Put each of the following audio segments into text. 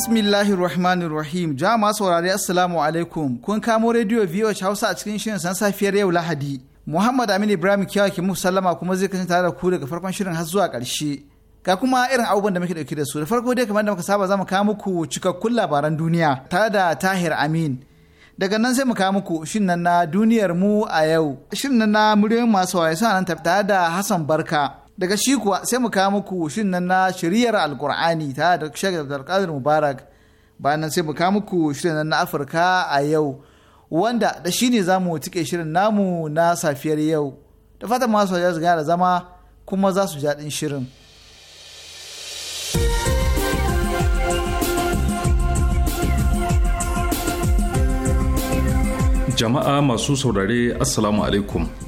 Bismillahir Rahmanir Rahim. Jama saurari Assalamu alaikum. Kun kamo rediyo VOH Hausa a cikin shirin san safiyar yau Lahadi. Muhammad Aminu Ibrahim Kiyawa ke muku sallama kuma zai kasance tare da ku daga farkon shirin har zuwa ƙarshe. Ga kuma irin abubuwan da muke dauke da su. Da farko dai kamar da muka saba za mu kawo muku cikakkun labaran duniya tare da Tahir Amin. Daga nan sai mu kawo muku shirin nan na duniyar mu a yau. Shirin nan na muryoyin masu wayo suna nan tare da Hassan Barka. daga shi kuwa sai mu kawo muku shin nan na shiriyar alkur'ani ta da shek abdulkadir mubarak bayan nan sai mu kawo muku shirin nan na afirka a yau wanda da shi ne za mu tike shirin namu na safiyar yau da fata masu wajen su da zama kuma za su ji shirin. jama'a masu saurare assalamu alaikum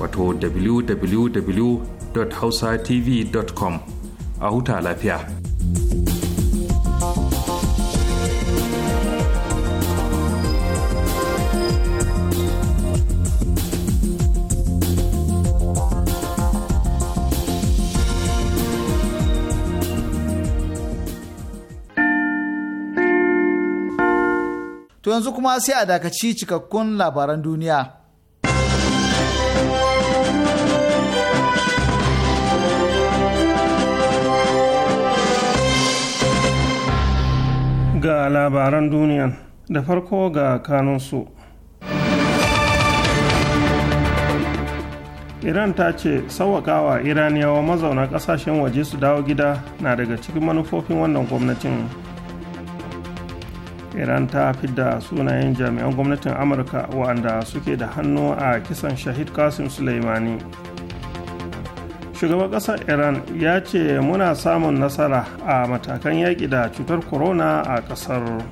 wato www.hausatv.com a huta lafiya. To yanzu kuma sai a dakaci cikakkun labaran duniya. ga labaran duniya da farko ga kanunsu iran ta ce sauwaƙawa iraniyawa mazauna ƙasashen waje su dawo gida na daga cikin manufofin wannan gwamnatin iran ta fidda sunayen jami'an gwamnatin amurka waɗanda suke da hannu a kisan shahid kasim suleimani shugaban ƙasar iran ya ce muna samun nasara a matakan yaƙi da cutar corona a ƙasar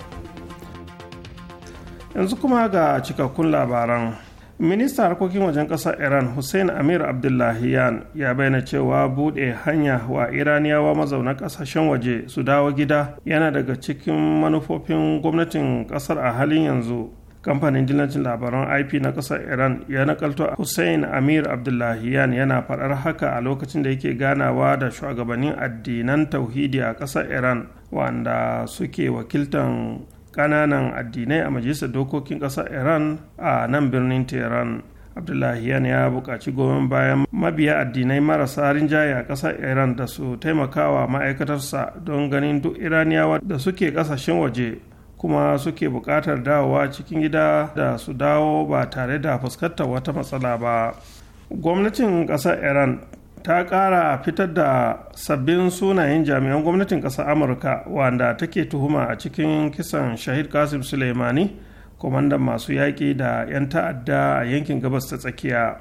yanzu kuma ga cikakkun labaran minista harkokin wajen ƙasar iran hussein amir abdullahiyan ya bayyana cewa buɗe hanya wa iraniyawa mazaunan ƙasashen waje su dawo gida yana daga cikin manufofin gwamnatin ƙasar a halin yanzu kamfanin dillacin labaran ip na ƙasar iran ya nakalto hussein amir abdullahiyan yana faɗar haka a lokacin da yake ganawa da shugabannin addinan tauhidi a ƙasar iran wanda suke wakiltan ƙananan addinai a majalisar dokokin ƙasar iran a nan birnin tehran abdullahiyan ya buƙaci goyon bayan mabiya addinai marasa rinjaye a ƙasar iran da su taimakawa ma'aikatarsa don ganin duk iraniyawa da suke ƙasashen waje kuma suke buƙatar dawowa cikin gida da su dawo ba tare da fuskantar wata matsala ba gwamnatin ƙasar iran ta ƙara fitar da sabbin sunayen jami'an gwamnatin ƙasar amurka wanda take tuhuma a cikin kisan shahid kasim suleimani kwamandan masu yaƙi da 'yan ta'adda a yankin gabas ta tsakiya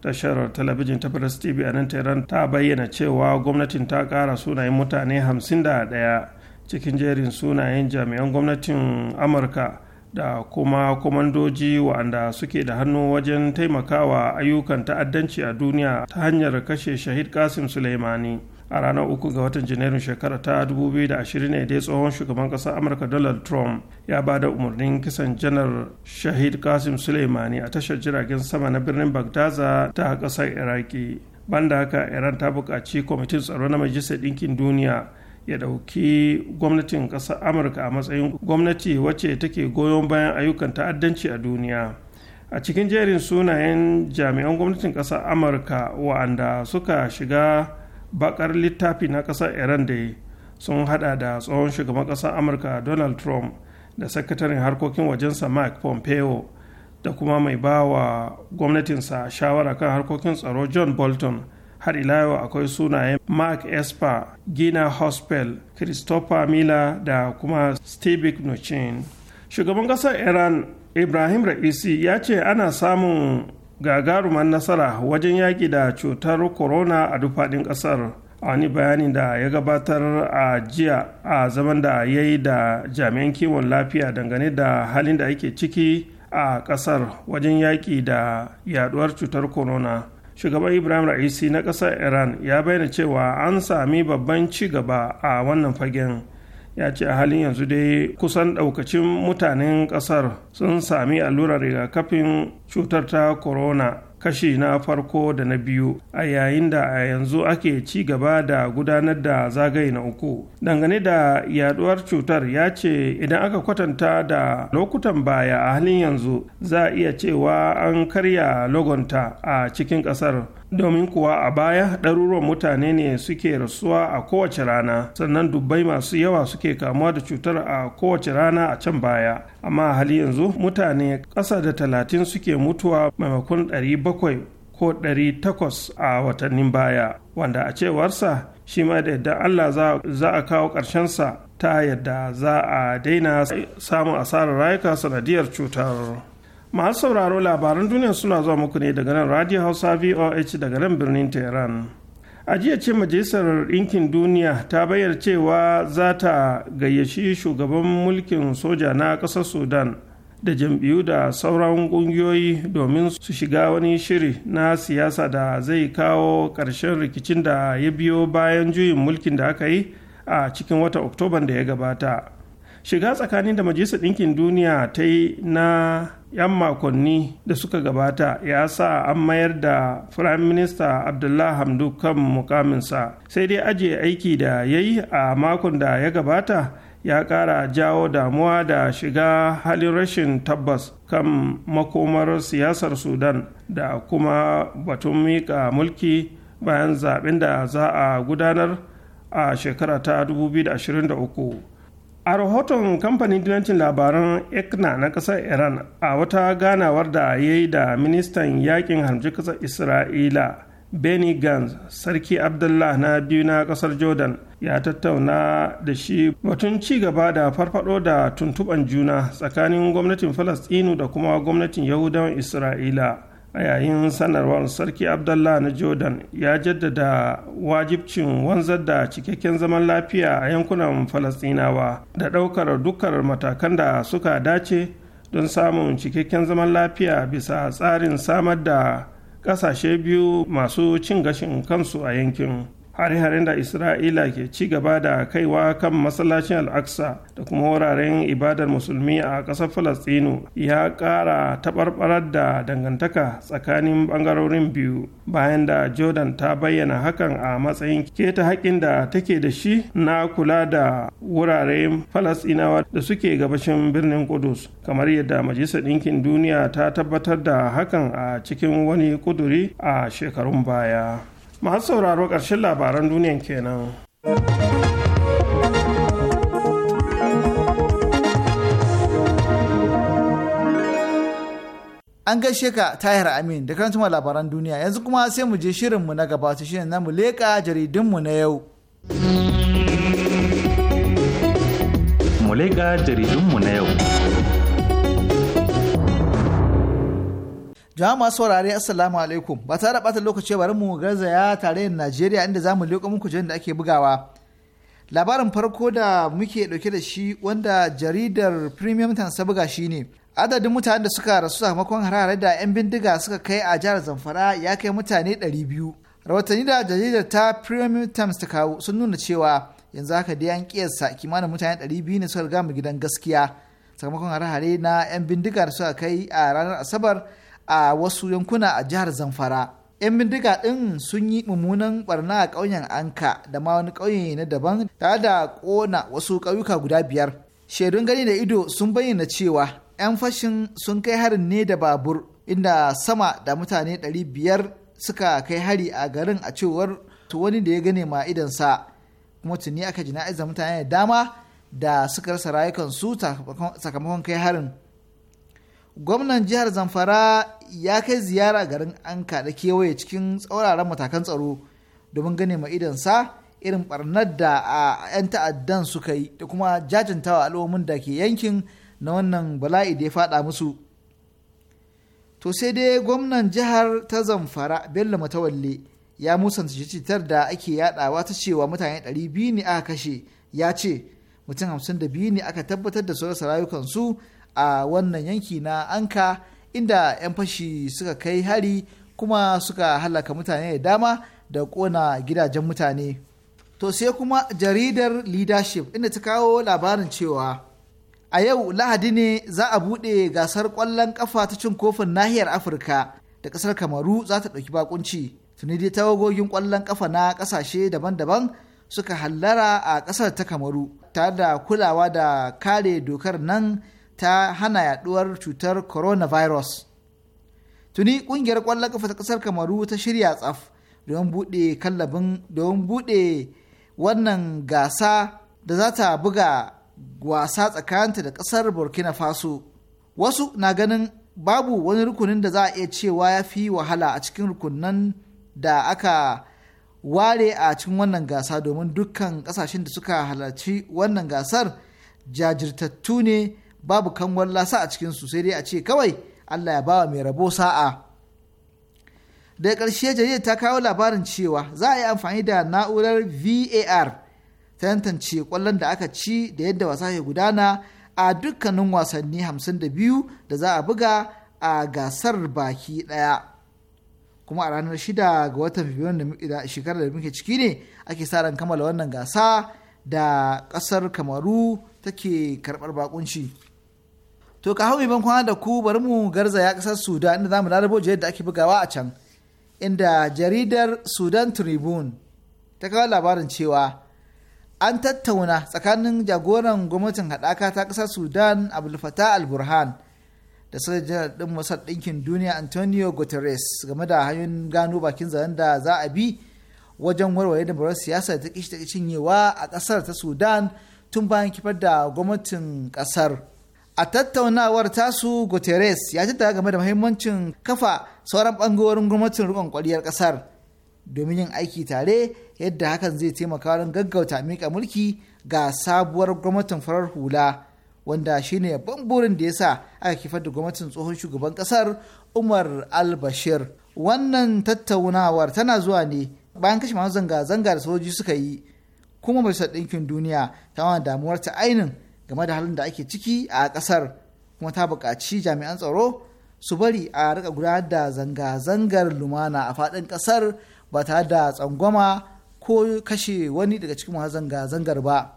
tashar talabijin ta press tv a nan ta bayyana cewa gwamnatin ta ƙara sunayen mutane 51 cikin jerin sunayen jami'an gwamnatin amurka da kuma kwamandoji wa'anda suke da hannu wajen taimakawa ayyukan ta'addanci a duniya ta hanyar kashe shahid kasim suleimani a ranar uku ga watan janairun shekara ta 2020 ne dai tsohon shugaban ƙasar amurka donald trump ya ba da umarnin kisan janar shahid kasim suleimani a tashar jiragen sama na birnin bagdaza ta ƙasar iraki banda haka iran ta buƙaci kwamitin tsaro na majalisar ɗinkin duniya ya ɗauki gwamnatin ƙasar amurka a matsayin gwamnati wacce take goyon bayan ayyukan ta'addanci a duniya a cikin jerin sunayen jami'an gwamnatin ƙasar amurka wa'anda suka shiga bakar littafi na ƙasar iran da sun hada da tsohon shugaban ƙasar amurka donald trump da sakataren harkokin wajensa mike pompeo da kuma mai ba wa gwamnatinsa shawara kan harkokin tsaro john bolton har ila yau akwai sunayen mark esper gina hospital christopher miller da kuma steve nochin shugaban kasar iran ibrahim ra'isi ya ce ana samun gagaruman nasara wajen yaƙi da cutar corona a dufaɗin ƙasar a wani bayani da ya gabatar a jiya a zaman da ya yi da jami'an kiwon lafiya dangane da halin da ake ciki a ƙasar wajen yaƙi da yaduwar cutar corona shugaban ibrahim ra'isi na ƙasar iran ya bayyana cewa an sami babban ci gaba a wannan fagen ya ce a halin yanzu dai kusan ɗaukacin mutanen ƙasar sun sami allurar rigakafin cutar ta corona kashi na farko da na biyu a yayin da a yanzu ake ci gaba da gudanar da zagaye na uku dangane da yaduwar cutar ya ce idan aka kwatanta da lokutan baya a halin yanzu za a iya cewa an karya logonta a cikin kasar domin kuwa a baya ɗaruruwan mutane ne suke rasuwa a kowace rana sannan dubbai masu yawa suke kamuwa da cutar a kowace rana a can baya amma hali yanzu mutane ƙasa da talatin suke mutuwa maimakon ɗari bakwai ko ɗari takwas a watannin baya wanda a cewarsa shi ma da yadda allah za a kawo ƙarshensa ta yadda za a daina samun asarar rayuka sanadiyar cutar. masu sauraro labaran duniya suna zuwa muku ne daga nan radio hausa voh daga nan birnin tehran a jiya ce majalisar ɗinkin duniya ta bayyana cewa za ta gayyaci shugaban mulkin soja na ƙasar sudan da jam'iyyu da sauran ƙungiyoyi domin su shiga wani shiri na siyasa da zai kawo ƙarshen rikicin da ya biyo bayan juyin mulkin da aka yi a cikin wata oktoban da ya gabata shiga tsakanin da majalisar ɗinkin duniya ta yi na 'yan makonni da suka gabata ya sa an mayar da firayim minista abdullah hamdu kan mukaminsa sai dai ajiye aiki da ya yi a makon da ya gabata ya kara jawo damuwa da shiga halin rashin tabbas kan makomar siyasar sudan da kuma batun mika mulki bayan zaɓen da za a gudanar a shekara ta 2023 a rahoton kamfanin dinancin labaran ekna na kasar iran a wata ganawar da ya yi da ministan yakin harmci kasar isra'ila benny gantz sarki abdullah na biyu na kasar jordan ya tattauna da shi batun ci gaba da farfado da tuntuban juna tsakanin gwamnatin falastinu da kuma gwamnatin yahudawan isra'ila a yayin sanarwar sarki abdullah na jordan ya jaddada wajibcin wanzar da cikakken zaman lafiya a yankunan falasinawa da ɗaukar dukkan matakan da suka dace don samun cikakken zaman lafiya bisa tsarin samar da ƙasashe biyu masu cin gashin kansu a yankin hare-haren da isra'ila ke ci gaba da kaiwa kan masallacin al'aqsa da kuma wuraren ibadar musulmi a ƙasar falastinu ya ƙara taɓarɓarar da dangantaka tsakanin ɓangarorin biyu bayan da jordan ta bayyana hakan a matsayin keta haƙƙin da take da shi na kula da wuraren falastinawa da suke gabashin birnin kudus kamar yadda majalisar ɗinkin duniya ta tabbatar da hakan a cikin wani kuduri a shekarun baya. masu sauraro ƙarshen labaran duniyan kenan. An gaishe ka tahir amin da karantuma labaran duniya yanzu kuma sai mu je shirinmu na gaba su shirin namu leƙa mu na yau. Mu leƙa jaridunmu na yau. jama'a masu saurare assalamu alaikum ba tare da bata lokaci bari mu tare na najeriya inda zamu leƙo muku jin da ake bugawa labarin farko da muke dauke da shi wanda jaridar premium times ta buga shi ne adadin mutanen da suka rasu sakamakon harare da 'yan bindiga suka kai a jihar zamfara ya kai mutane 200 rawatani da jaridar ta premium times ta kawo sun nuna cewa yanzu haka dai an kiyasta kimanin mutane 200 ne suka riga mu gidan gaskiya sakamakon hare na 'yan bindiga da suka kai a ranar asabar a wasu yankuna a jihar zamfara 'yan bindiga ɗin sun yi mummunan barna a ƙauyen anka da ma wani ƙauye na daban tare da ƙona wasu ƙauyuka guda biyar shaidun gani da ido sun bayyana cewa 'yan fashin sun kai harin ne da babur inda sama da mutane ɗari biyar suka kai hari a garin a cewar wani da ya gane ma idansa kuma tuni aka jana'iza mutane da dama da suka rasa rayukansu sakamakon kai harin gwamnan jihar zamfara ya kai ziyara garin anka da kewaye cikin tsauraran matakan tsaro domin gane ma idansa irin ɓarnar da a 'yan ta'addan suka yi da kuma jajantawa al'ummin da ke yankin na wannan bala'i da ya faɗa musu to sai dai gwamnan jihar ta zamfara bello matawalle ya musanta cutar da ake yaɗawa ta cewa mutane 200 ne aka kashe ya ce mutum 52 ne aka tabbatar da rayukan rayukansu a wannan yanki na anka inda 'yan fashi suka kai hari kuma suka halaka mutane da dama da kona gidajen mutane to sai kuma jaridar leadership inda ta kawo labarin cewa a yau lahadi ne za a buɗe gasar ƙwallon ƙafa ta cin kofin nahiyar afirka da ƙasar kamaru za ta ɗauki bakunci tuni dai tawagogin ƙwallon ƙafa na ƙasashe daban-daban suka hallara a ƙasar ta kamaru tare da kulawa da kare dokar nan ta hana yaduwar cutar coronavirus tuni kungiyar kwallon kafa ta kasar kamaru ta shirya tsaf don bude kallabin don bude wannan gasa da za ta buga wasa tsakanta da kasar burkina faso wasu na ganin babu wani rukunin da za a iya cewa ya fi wahala a cikin rukunan da aka ware a cikin wannan gasa domin dukkan kasashen da suka halarci wannan gasar jajirtattu ne babu kangon lasa a cikin su sai dai a ce kawai Allah ya bawa mai rabo sa'a. Daga ƙarshe jaridar ta kawo labarin cewa za a yi amfani da na'urar VAR ta tantance ƙwallon da aka ci da yadda wasa ke gudana a dukkanin wasanni 52 da za a buga a gasar baki daya Kuma a ranar 6 ga watan Fabrairu da shekarar da muke ciki ne ake sa ran kammala wannan gasa da ƙasar Kamaru take karɓar bakunci. to ka hau ban kwana da ku bari mu garzaya kasar sudan inda zamu larabo jiyar da ake bugawa a can inda jaridar sudan tribune ta kawo labarin cewa an tattauna tsakanin jagoran gwamnatin haɗaka ta ƙasar sudan abulfata alburhan alburhan da sojan ɗin masar ɗinkin duniya antonio guterres game da hanyoyin gano bakin zaren da za a bi wajen warware da barar siyasa da ta ƙi cinyewa a ƙasar ta sudan tun bayan kifar da gwamnatin ƙasar a tattaunawar tasu guterres ya ji game da mahimmancin kafa sauran bangarorin gwamnatin rikon kwariyar kasar domin yin aiki tare yadda hakan zai taimaka wajen gaggauta mika mulki ga sabuwar gwamnatin farar hula wanda shine babban burin da ya sa aka kifar da gwamnatin tsohon shugaban kasar umar al-bashir wannan tattaunawar tana zuwa ne bayan kashe masu zanga-zanga da sojoji suka yi kuma majalisar ɗinkin duniya ta wani damuwar ta ainin game da halin da ake ciki a ƙasar kuma ta buƙaci jami'an tsaro su bari a rika gudanar da zanga-zangar lumana a faɗin ƙasar ba tare da tsangwama ko kashe wani daga cikin masu zanga-zangar ba.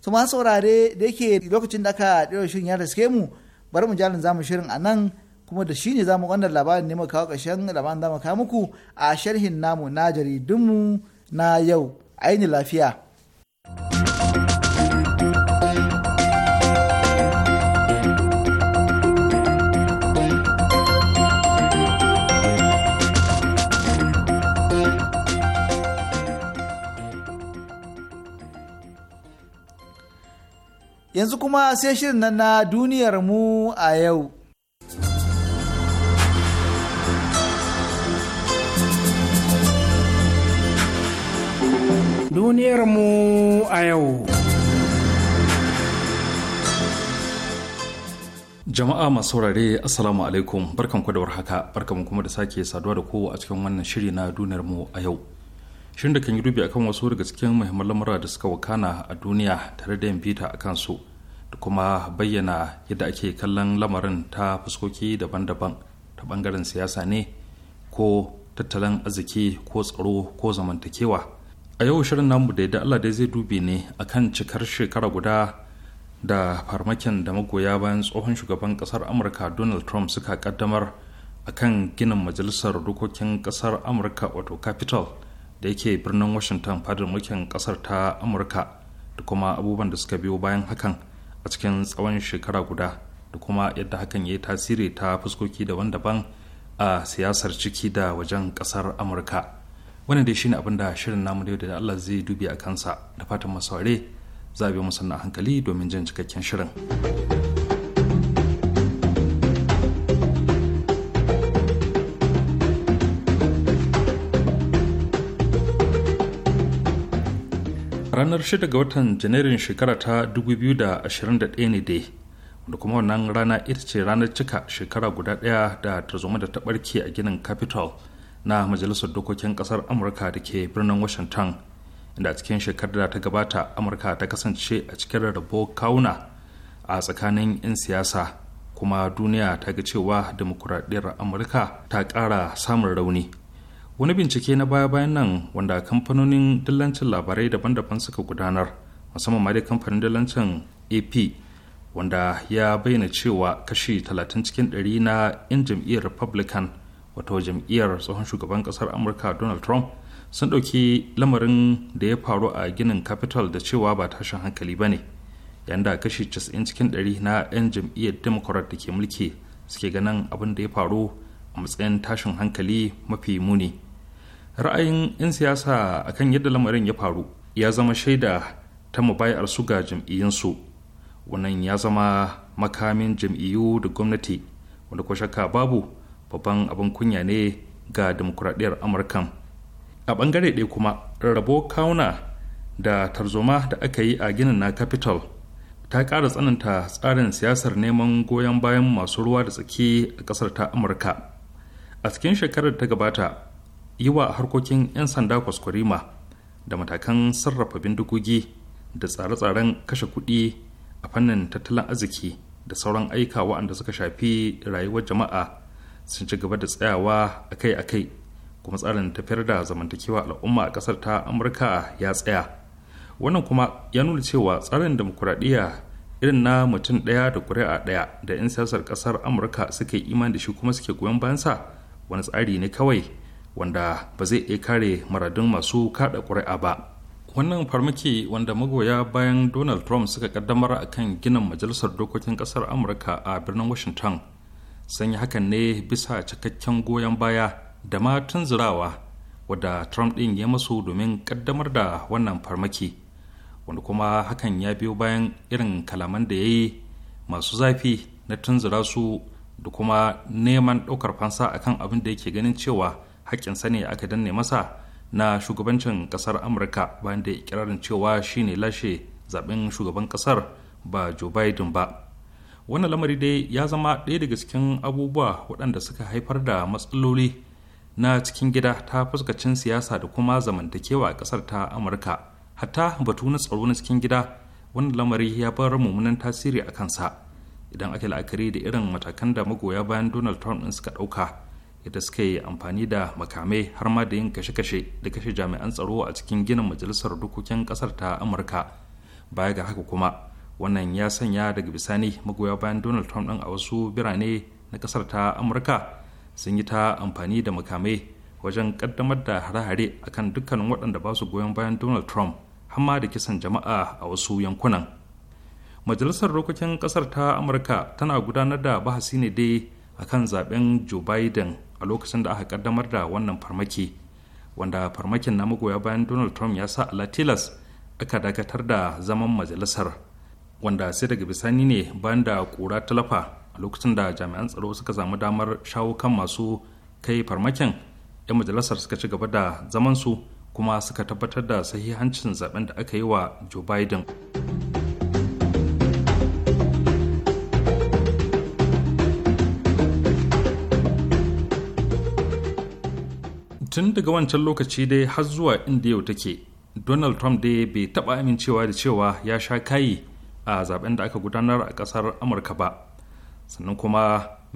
su ma saurare da yake lokacin da aka ɗaya shirin ya riske mu bari mu jalin zamu shirin a nan kuma da shi ne zamu wannan labarin ne kawo ƙarshen labarin zamu kawo muku a sharhin namu na jaridunmu na yau aini lafiya. yanzu kuma sai shirin nan na duniyar mu a yau. Duniyar mu a yau. Jama'a masu saurare Assalamu alaikum barkan da haka barkan kuma da sake saduwa da kowa a cikin wannan shiri na duniyar mu a yau. shin da kan yi dubi akan wasu daga cikin muhimman lamura da suka wakana a duniya tare da yin bita a kansu da kuma bayyana yadda ake kallon lamarin ta fuskoki daban-daban ta bangaren siyasa ne ko tattalin arziki ko tsaro ko zamantakewa a yau shirin namu da yadda allah dai zai dubi ne akan cikar shekara guda da farmakin da magoya bayan tsohon shugaban kasar amurka donald trump suka kaddamar akan ginin majalisar dokokin kasar amurka wato capital. da yake birnin washington fadar mulkin kasar ta amurka da kuma abubuwan da suka biyo bayan hakan a cikin tsawon shekara guda da kuma yadda hakan ya yi tasiri ta fuskoki daban-daban a siyasar ciki da wajen kasar amurka wannan dai shine abin da shirin namu da da allah zai dubi a kansa da fatan masaure za a biyo musanna hankali domin jin cikakken shirin. ranar 6 ga watan janairun shekara ta 2021 ne dai wanda kuma wannan rana ita ce ranar cika shekara guda ɗaya da tarzoma da ta ɓarke a ginin capitol na majalisar dokokin ƙasar amurka da ke birnin washington inda a cikin shekarar da ta gabata amurka ta kasance a cikin rabo kawuna a tsakanin 'yan siyasa kuma duniya ta ga cewa demokuraɗiyar amurka ta ƙara samun rauni wani bincike na baya-bayan nan wanda kamfanonin dillancin labarai daban-daban suka gudanar musamman ma da kamfanin dillancin ap wanda ya bayyana cewa kashi 30 cikin 100 na 'yan jam'iyyar republican wato jam'iyyar tsohon shugaban kasar amurka donald trump sun ɗauki lamarin da ya faru a ginin capitol da cewa ba tashin hankali ba ne yanda kashi 90 cikin 100 na 'yan jam'iyyar democrat da ke mulki suke ganin abin da ya faru a matsayin tashin hankali mafi muni ra'ayin 'yan siyasa akan yadda lamarin ya faru ya zama shaida ta mubayar su ga jam'iyyansu wannan ya zama makamin jam'iyyu da gwamnati wanda ko shakka babu babban abin kunya ne ga demokuraɗiyar amurkan a bangare ɗaya kuma rabo kauna da tarzoma da aka yi a ginin na capital ta ƙara tsananta tsarin siyasar neman goyon bayan masu ruwa da tsaki a ƙasar ta amurka a cikin shekarar ta gabata yi wa harkokin 'yan sanda kwaskwarima da matakan sarrafa bindigogi da tsare-tsaren kashe kuɗi a fannin tattalin arziki da sauran aika waɗanda suka shafi rayuwar jama'a sun ci gaba da tsayawa akai-akai kuma tsarin tafiyar da zamantakewa al'umma a ƙasar ta amurka ya tsaya wannan kuma ya nuna cewa tsarin demokuraɗiyya irin na mutum ɗaya da ƙuri'a ɗaya da 'yan siyasar ƙasar amurka suka yi imani da shi kuma suke goyon bayansa wani tsari ne kawai wanda ba zai iya kare maradun masu kada ƙuri'a ba wannan farmaki wanda magoya bayan donald trump suka kaddamar a kan ginin majalisar dokokin ƙasar amurka a birnin washington sun yi hakan ne bisa cikakken goyon baya da ma tunzurawa wadda trump ɗin ya masu domin kaddamar da wannan farmaki wanda kuma hakan ya biyo bayan irin kalaman da ya yi masu zafi na tunzura su da kuma neman ɗaukar fansa akan abin da yake ganin cewa haƙƙinsa ne aka danne masa na shugabancin ƙasar amurka bayan da ikirarin cewa shine lashe zaben shugaban ƙasar ba joe biden ba wannan lamari dai ya zama ɗaya daga cikin abubuwa waɗanda suka haifar da matsaloli na cikin gida ta fuskacin siyasa da kuma zamantakewa a ƙasar ta amurka hatta batu na tsaro na cikin gida wannan lamari ya bar mummunan tasiri a kansa idan aka la'akari da irin matakan da magoya bayan donald trump suka ɗauka ita suka yi amfani da makamai har ma da yin kashe-kashe da kashe jami'an tsaro a cikin ginin majalisar dokokin kasar ta amurka baya ga haka kuma wannan ya sanya daga bisani magoya bayan donald trump ɗin a wasu birane na kasar ta amurka sun yi ta amfani da makamai wajen kaddamar da hare-hare akan dukkanin waɗanda ba su goyon bayan donald trump har ma da kisan jama'a a wasu yankunan majalisar dokokin kasar ta amurka tana gudanar da bahasi ne dai akan zaben joe biden a lokacin da aka kaddamar da wannan farmaki wanda farmakin na magoya bayan donald trump ya sa ala aka dakatar da zaman majalisar wanda sai daga bisani ne bayan da kura talafa a lokacin da jami'an tsaro suka samu damar shawo kan masu kai farmakin 'yan majalisar suka ci gaba da zamansu kuma suka tabbatar da sahihancin zaben da aka yi wa joe biden tun daga wancan lokaci dai har zuwa inda yau take donald trump dai bai taba amincewa da cewa ya sha kayi a zaben da aka gudanar a kasar amurka ba sannan kuma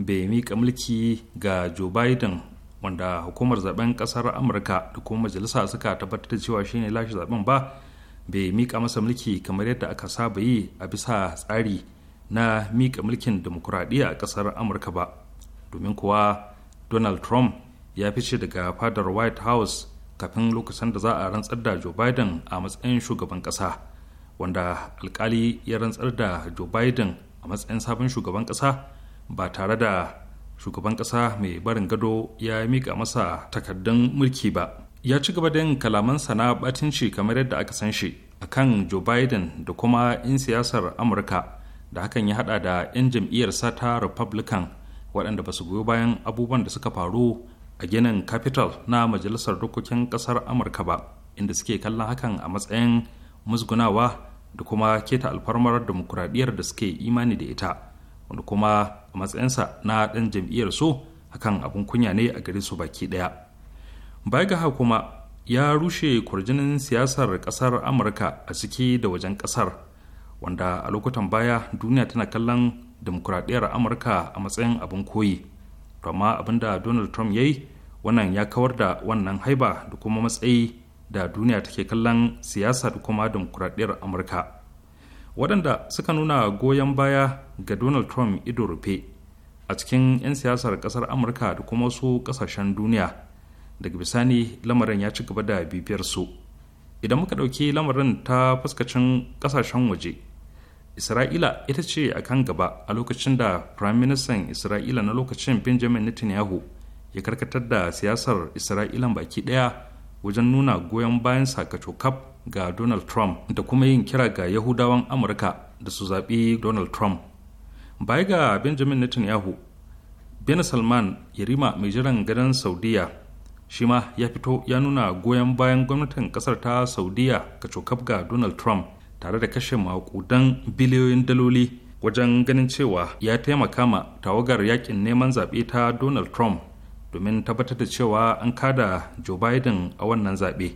bai mika mulki ga joe biden wanda hukumar zaben kasar amurka da kuma majalisa suka tabbatar da cewa shine lashe zaben ba bai mika masa mulki kamar yadda aka saba yi a bisa tsari na mika mulkin demokuraɗiyya a kasar amurka ba domin kuwa donald trump ya fice daga fadar white house kafin lokacin da za a rantsar da joe biden a matsayin shugaban kasa wanda alkali ya rantsar da joe biden a matsayin sabon shugaban kasa ba tare da shugaban kasa mai barin gado ya mika masa takardun mulki ba ya ci gaba da yin kalaman sana batinci kamar yadda aka san shi akan joe biden da kuma 'yan siyasar amurka da hakan ya hada da 'yan jam'iyyar sata republican waɗanda ba su goyo bayan abubuwan da suka faru a ginin capital na majalisar dokokin kasar amurka ba inda suke kallon hakan a matsayin musgunawa da kuma keta alfarmar demokuraɗiyar da suke imani da ita wanda kuma a matsayinsa na ɗan jam'iyyar su hakan abin kunya ne a gare su baki ɗaya baya ga kuma ya rushe kurjinin siyasar ƙasar amurka a ciki da wajen ƙasar wanda a lokutan baya duniya tana kallon demokuraɗiyar amurka a matsayin abin koyi to amma da donald trump ya yi wannan ya kawar da wannan haiba da kuma matsayi da duniya take kallon siyasa da kuma demokuraɗiyar amurka waɗanda suka nuna goyon baya ga donald trump ido rufe a cikin 'yan siyasar ƙasar amurka da kuma wasu ƙasashen duniya daga bisani lamarin ya ci gaba da bibiyar su idan muka ɗauki lamarin ta fuskacin ƙasashen waje isra'ila ita ce a kan gaba a lokacin da prime minister isra'ila na lokacin benjamin netanyahu ya karkatar da siyasar isra'ilan baki daya wajen nuna goyon bayan sakacokaf ga donald trump da kuma yin kira ga yahudawan amurka da su zaɓi donald trump baya ga benjamin netanyahu bin salman yarima mai jiran gadon saudiya shi ma ya fito ya nuna goyon bayan gwamnatin kasar ta saudiya ga cokaf ga donald trump tare da kashe maƙudan biliyoyin daloli wajen ganin cewa ya taimaka ma tawagar yakin neman zaɓe ta donald trump domin tabbatar da cewa an kada joe biden a wannan zaɓe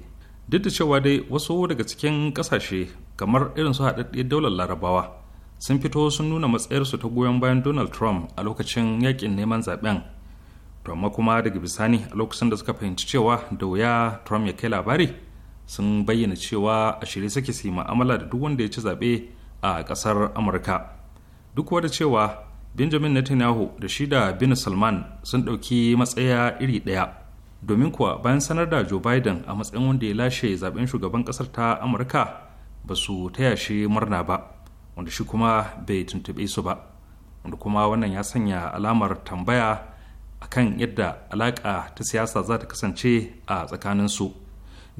duk da cewa dai wasu daga cikin ƙasashe kamar irin su haɗaɗɗiyar daular larabawa sun fito sun nuna matsayarsu ta goyon bayan donald trump a lokacin yakin neman zaɓen to amma kuma daga bisani a lokacin da suka fahimci cewa da wuya trump ya kai labari sun bayyana cewa a shirye suke su yi ma'amala da duk wanda ya ci zaɓe a ƙasar amurka duk da cewa benjamin netanyahu da shi da bin salman sun ɗauki matsaya iri ɗaya domin kuwa bayan sanar da joe biden a matsayin wanda ya lashe zaɓen shugaban ƙasar ta amurka ba su taya shi murna ba wanda shi kuma bai tuntuɓe su ba wanda kuma wannan ya sanya alamar tambaya akan yadda alaƙa ta siyasa za ta kasance a tsakaninsu. su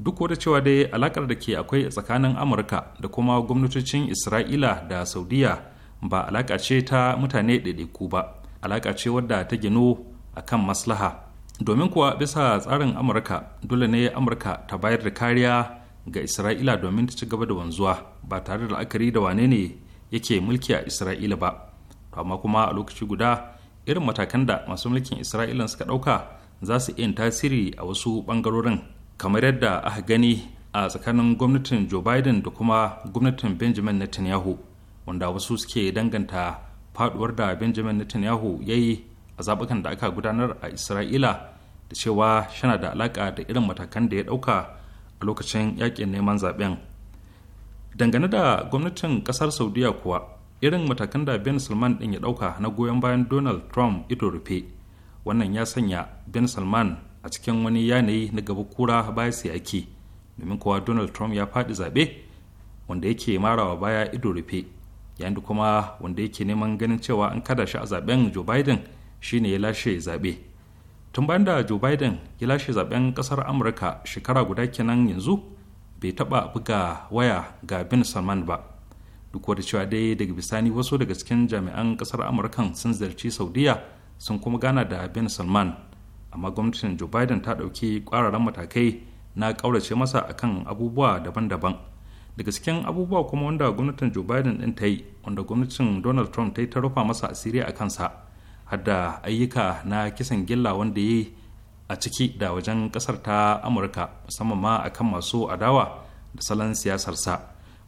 duk da cewa dai alakar da ke akwai tsakanin amurka da kuma gwamnatocin isra'ila da saudiya ba alaka ce ta mutane ɗaiɗaiku ba alaka ce wadda ta gino kan maslaha domin kuwa bisa tsarin amurka dole ne amurka ta bayar da kariya ga isra'ila domin ta ci gaba da wanzuwa ba tare da la'akari da wane ne yake mulki a isra'ila ba amma kuma a lokaci guda irin matakan da masu mulkin isra'ilan suka ɗauka za su iya tasiri a wasu ɓangarorin kamar yadda aka gani a tsakanin gwamnatin joe biden da kuma gwamnatin benjamin netanyahu wanda wasu suke danganta faduwar da benjamin netanyahu ya yi a zaɓukan da aka gudanar a isra'ila da cewa shana da alaka da irin matakan da ya ɗauka a lokacin yakin neman zaɓen dangane da gwamnatin ƙasar saudiya kuwa irin matakan da ben salman ɗin ya ɗauka na goyon bayan donald trump ido rufe wannan ya sanya ben salman a cikin wani yanayi na gaba kura baya sai ake domin kowa donald trump ya faɗi zaɓe wanda yake marawa baya ido rufe yayin da kuma wanda yake neman ganin cewa an kada shi a zaben joe biden shine ya lashe zaɓe tun bayan da joe biden ya lashe zaben ƙasar amurka shekara guda kenan yanzu bai taɓa buga waya ga bin salman ba duk da cewa dai daga bisani wasu daga cikin jami'an ƙasar amurkan sun ziyarci saudiya sun kuma gana da bin salman amma gwamnatin joe biden ta ɗauki ƙwararren matakai na ƙaurace masa akan abubuwa daban-daban daga cikin abubuwa kuma wanda gwamnatin joe biden ɗin ta yi wanda gwamnatin donald trump ta yi ta rufa masa asiri a kansa har da ayyuka na kisan gilla wanda ya yi a ciki da wajen ƙasar ta amurka musamman ma akan masu adawa da salon siyasarsa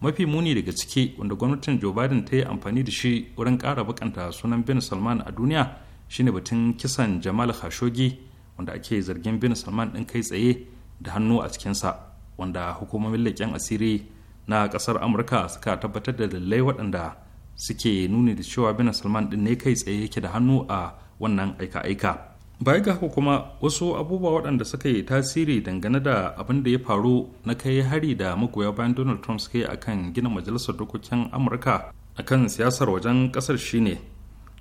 mafi muni daga ciki wanda gwamnatin joe biden ta yi amfani da shi wurin ƙara bukanta sunan bin salman a duniya shine batun kisan jamal khashoggi wanda ake zargin bin salman ɗin kai tsaye da hannu a cikinsa wanda hukumomin leƙen asiri na ƙasar amurka suka tabbatar da lallai waɗanda suke nuni da cewa bin salman ɗin ne kai tsaye yake da hannu a wannan aika-aika baya ga haka kuma wasu abubuwa waɗanda suka yi tasiri dangane da abin da ya faru na kai hari da magoya bayan donald trump suka yi akan gina majalisar dokokin amurka akan siyasar wajen ƙasar shine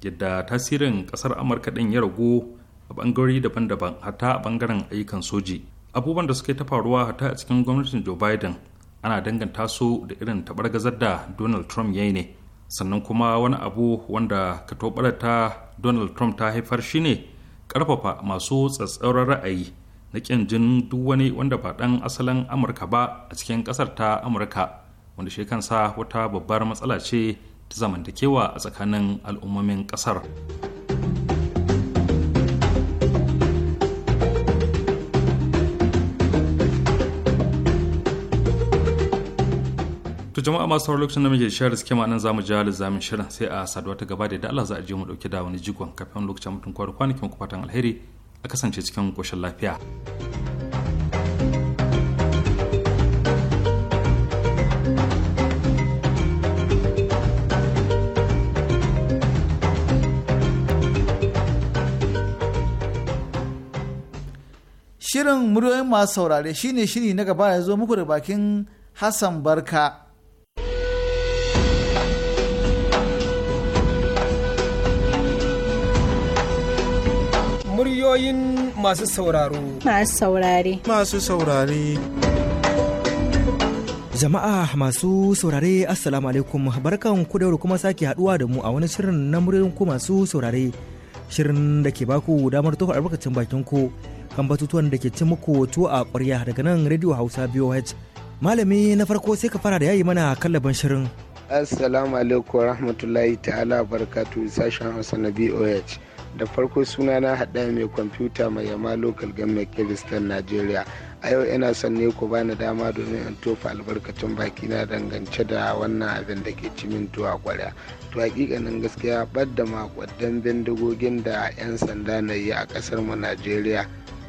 yadda tasirin ƙasar amurka ɗin ya ragu a bangarori daban-daban hatta a bangaren ayyukan soji abubuwan da suka ta faruwa hatta a cikin gwamnatin joe biden ana danganta su da irin taɓargazar da donald trump ya yi ne sannan kuma wani abu wanda katobar ta donald trump ta haifar shine karfafa masu tsatsauran ra'ayi na ƙin duk wani wanda ba ɗan asalin amurka ba a cikin ƙasar ta amurka wanda shi kansa wata babbar matsala ce ta zamantakewa a tsakanin al'ummomin ƙasar. to jama'a masu sauran lokacin da muke share suke nan zamu ji halin zamin shirin sai a saduwa ta gaba da yadda Allah za a je mu dauke da wani jigon kafin lokacin mutum kwar kwanakin ku fatan alheri a kasance cikin koshin lafiya. Shirin muryoyin masu saurare shi ne shiri na gaba ya zo muku da bakin Hassan Barka Muryoyin masu sauraro. Masu saurare. Masu saurare. Jama'a masu saurare Assalamu alaikum barkan ku da kuma sake haduwa da mu a wani shirin na muryoyin ku masu saurare. Shirin da ke baku damar tofa albarkacin bakin ku kan batutuwan da ke ci muku to a ƙwarya daga nan Radio Hausa BOH. Malami na farko sai ka fara da yayi mana kallaban shirin. Assalamu alaikum rahmatullahi ta'ala barkatu sashen Hausa na BOH. da farko suna na haɗa mai kwamfuta mai yama local government kiristan nigeria a yau ina son ne ku bani dama domin in tofa albarkacin baki na dangance da wannan abin da ke cimin tuwa kwarya to hakikanin gaskiya da makwaddan bindigogin da 'yan sanda na yi a ƙasar mu najeriya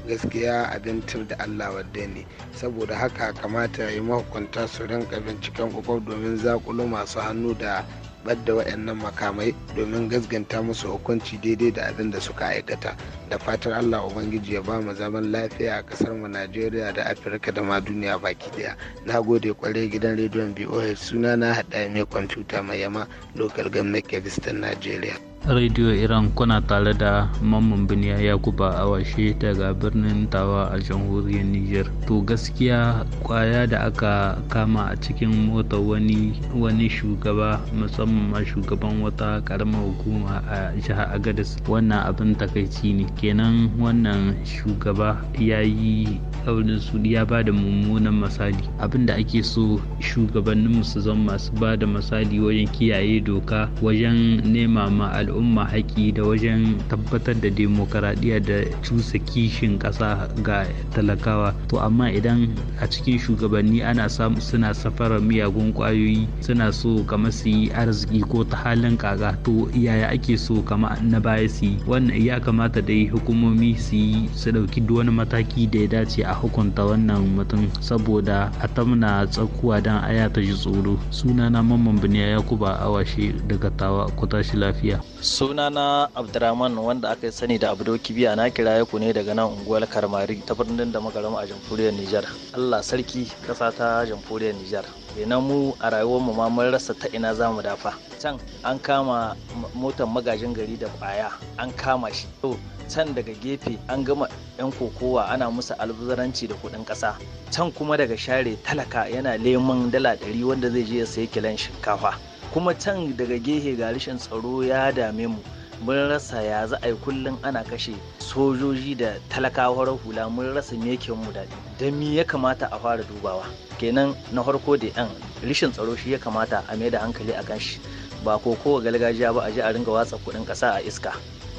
gaskiya abin da allah wadda ne saboda haka kamata ya yi mahukunta su rinka binciken kwakwaf domin zakulu masu hannu da da waɗannan makamai domin gasganta musu hukunci daidai da abin da suka aikata da fatar allah ubangiji ya ba mu zaman lafiya a ƙasar mu najeriya da afirka da ma duniya baki ɗaya na gode kwarai gidan rediyon boh suna na haɗa mai kwamfuta mai yama lokal government kevistan najeriya Radio Iran kuna tare da Mamman Biniya Yakuba Awashe daga birnin Tawa a jamhuriyar Niger. To gaskiya kwaya da aka kama a cikin mota wani wani shugaba musamman ma shugaban wata karamar hukuma a jihar Agadez wannan abin takaici ne kenan wannan shugaba ya yi kaunin su ya ba da mummunan misali abin da ake so shugabanninmu su zama masu ba da misali wajen kiyaye doka wajen nema ma al'umma al'umma aiki da wajen tabbatar da demokaradiyya da cusa kishin kasa ga talakawa to amma idan a cikin shugabanni ana samu suna safarar miyagun kwayoyi suna so kamar su yi arziki ko ta halin kaga to yaya ake so kama na baya su yi wannan ya kamata da dai hukumomi su yi su ɗauki duk wani mataki da ya dace a hukunta wannan mutum saboda a tamna tsakuwa dan aya ta ji tsoro sunana mamman biniya yakuba awashe daga tawa ku tashi lafiya sunana abdurrahman wanda aka sani da doki biya na kira yaku ne daga nan unguwar karmari ta birnin da rama a jamhuriyar nijar allah sarki kasa ta jamhuriyar nijar kenan eh, mu a rayuwarmu ma mun rasa ta ina zamu dafa can an kama motar magajin gari da baya an kama shi to can daga gefe an gama 'yan kokowa ana musu albuzaranci da kuɗin ƙasa can kuma daga share talaka yana neman dala ɗari wanda zai je ya sayi kilan shinkafa kuma can daga gehe ga rashin tsaro ya dame mu mun rasa ya za a yi kullum ana kashe sojoji da talakawar hula mun rasa me yake mu daɗi da mi ya kamata a fara dubawa kenan na farko da yan rishin tsaro shi ya kamata a mai da hankali a kan shi ba ko kowa galgajiya ba a ji a ringa watsa kuɗin ƙasa a iska